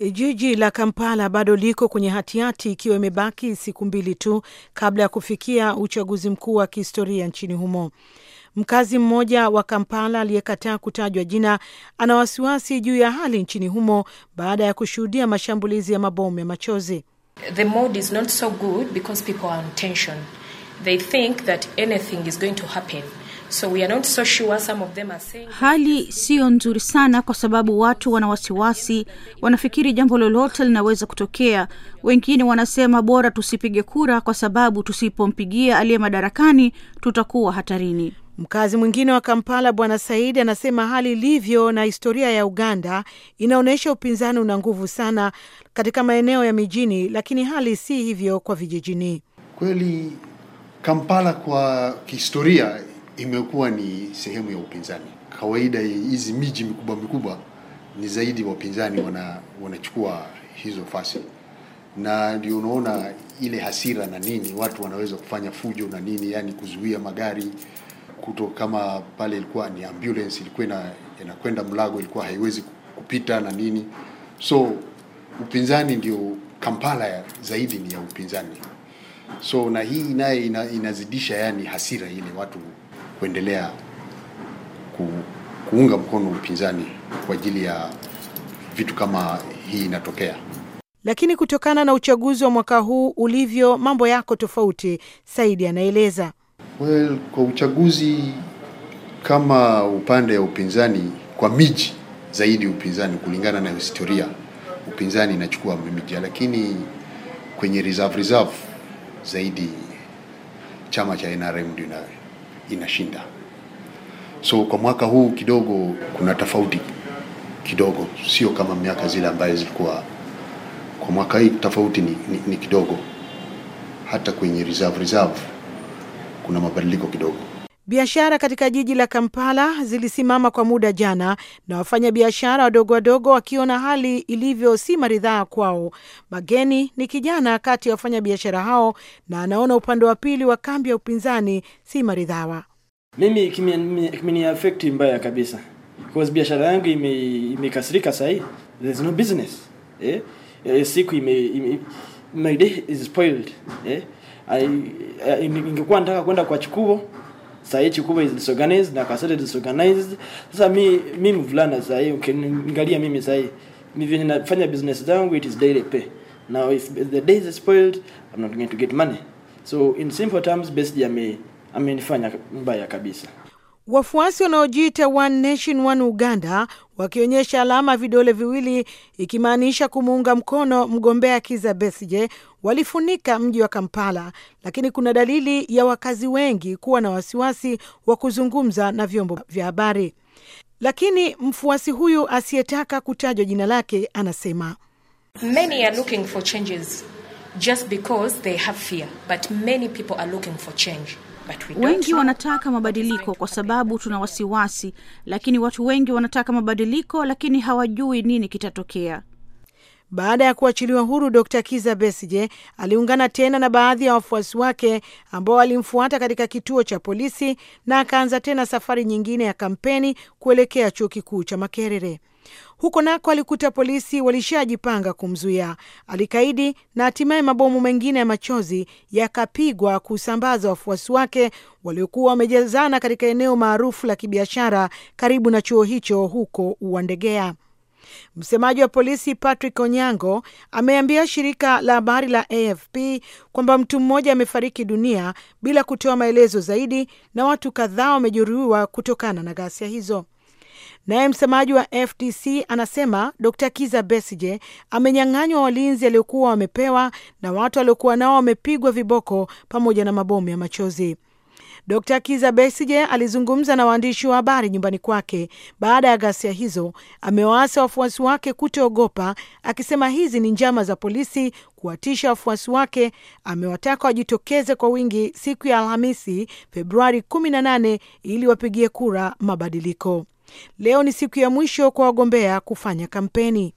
Jiji la Kampala bado liko kwenye hatihati ikiwa imebaki siku mbili tu kabla ya kufikia uchaguzi mkuu wa kihistoria nchini humo. Mkazi mmoja wa Kampala aliyekataa kutajwa jina ana wasiwasi juu ya hali nchini humo baada ya kushuhudia mashambulizi ya mabomu ya machozi. The mood is not so good because people are on tension. They think that anything is going to happen. So we are not so sure. Some of them are saying... Hali siyo nzuri sana kwa sababu watu wana wasiwasi, wanafikiri jambo lolote linaweza kutokea. Wengine wanasema bora tusipige kura kwa sababu tusipompigia aliye madarakani tutakuwa hatarini. Mkazi mwingine wa Kampala Bwana Saidi anasema hali ilivyo na historia ya Uganda inaonyesha upinzani una nguvu sana katika maeneo ya mijini, lakini hali si hivyo kwa vijijini. Kweli Kampala kwa kihistoria imekuwa ni sehemu ya upinzani. Kawaida hizi miji mikubwa mikubwa ni zaidi wapinzani wana, wanachukua hizo fasi na ndio unaona ile hasira na nini, watu wanaweza kufanya fujo na nini, yani kuzuia magari kuto, kama pale ilikuwa ni ambulance ilikuwa ina, inakwenda Mlago ilikuwa haiwezi kupita na nini, so upinzani ndio Kampala ya, zaidi ni ya upinzani so na hii naye ina, inazidisha yani hasira ile watu kuendelea ku, kuunga mkono upinzani kwa ajili ya vitu kama hii inatokea. Lakini kutokana na uchaguzi wa mwaka huu ulivyo, mambo yako tofauti. Saidi anaeleza. Well, kwa uchaguzi kama upande wa upinzani kwa miji zaidi, upinzani kulingana na historia, upinzani inachukua miji, lakini kwenye reserve reserve zaidi chama cha NRM ndio inashinda. So kwa mwaka huu kidogo kuna tofauti kidogo, sio kama miaka zile ambayo zilikuwa. Kwa mwaka hii tofauti ni, ni, ni kidogo. Hata kwenye reserve reserve kuna mabadiliko kidogo. Biashara katika jiji la Kampala zilisimama kwa muda jana, na wafanyabiashara wadogo wadogo wakiona hali ilivyo si maridhaa kwao. Mageni ni kijana kati ya wafanyabiashara hao, na anaona upande wa pili wa kambi ya upinzani si maridhawa. Mimi kimeniafekti mbaya kabisa biashara yangu imekasirika ime sahii, there's no business eh? eh? siku ime, ime, my day is spoiled eh? Ingekuwa nataka kwenda kwa chukuo sahi hii is disorganized na Kasete disorganized. Sasa mi mi mvulana saa hii mimi saa hii mimi vyenye nafanya business zangu it is daily pay. Now if the day is spoiled I'm not going to get money. So in simple terms Best ame amenifanya mbaya kabisa. Wafuasi wanaojiita One Nation One Uganda wakionyesha alama vidole viwili ikimaanisha kumuunga mkono mgombea Kizza Besigye walifunika mji wa Kampala, lakini kuna dalili ya wakazi wengi kuwa na wasiwasi wa kuzungumza na vyombo vya habari. Lakini mfuasi huyu asiyetaka kutajwa jina lake anasema Many are looking for changes just because they have fear, but many people are looking for change. Wengi wanataka mabadiliko kwa sababu tuna wasiwasi, lakini watu wengi wanataka mabadiliko, lakini hawajui nini kitatokea. Baada ya kuachiliwa huru, Dr Kiza Besije aliungana tena na baadhi ya wafuasi wake ambao walimfuata katika kituo cha polisi na akaanza tena safari nyingine ya kampeni kuelekea chuo kikuu cha Makerere. Huko nako alikuta polisi walishajipanga kumzuia, alikaidi na hatimaye mabomu mengine ya machozi yakapigwa kusambaza wafuasi wake waliokuwa wamejazana katika eneo maarufu la kibiashara karibu na chuo hicho huko Uwandegea. Msemaji wa polisi Patrick Onyango ameambia shirika la habari la AFP kwamba mtu mmoja amefariki dunia bila kutoa maelezo zaidi na watu kadhaa wamejeruhiwa kutokana na ghasia hizo. Naye msemaji wa FDC anasema Dr Kiza besije amenyang'anywa walinzi aliokuwa wamepewa na watu waliokuwa nao wamepigwa viboko pamoja na mabomu ya machozi. Dr Kiza besije alizungumza na waandishi wa habari nyumbani kwake baada ya ghasia hizo. Amewaasa wafuasi wake kutoogopa, akisema hizi ni njama za polisi kuwatisha wafuasi wake. Amewataka wajitokeze kwa wingi siku ya Alhamisi, Februari 18 ili wapigie kura mabadiliko. Leo ni siku ya mwisho kwa wagombea kufanya kampeni.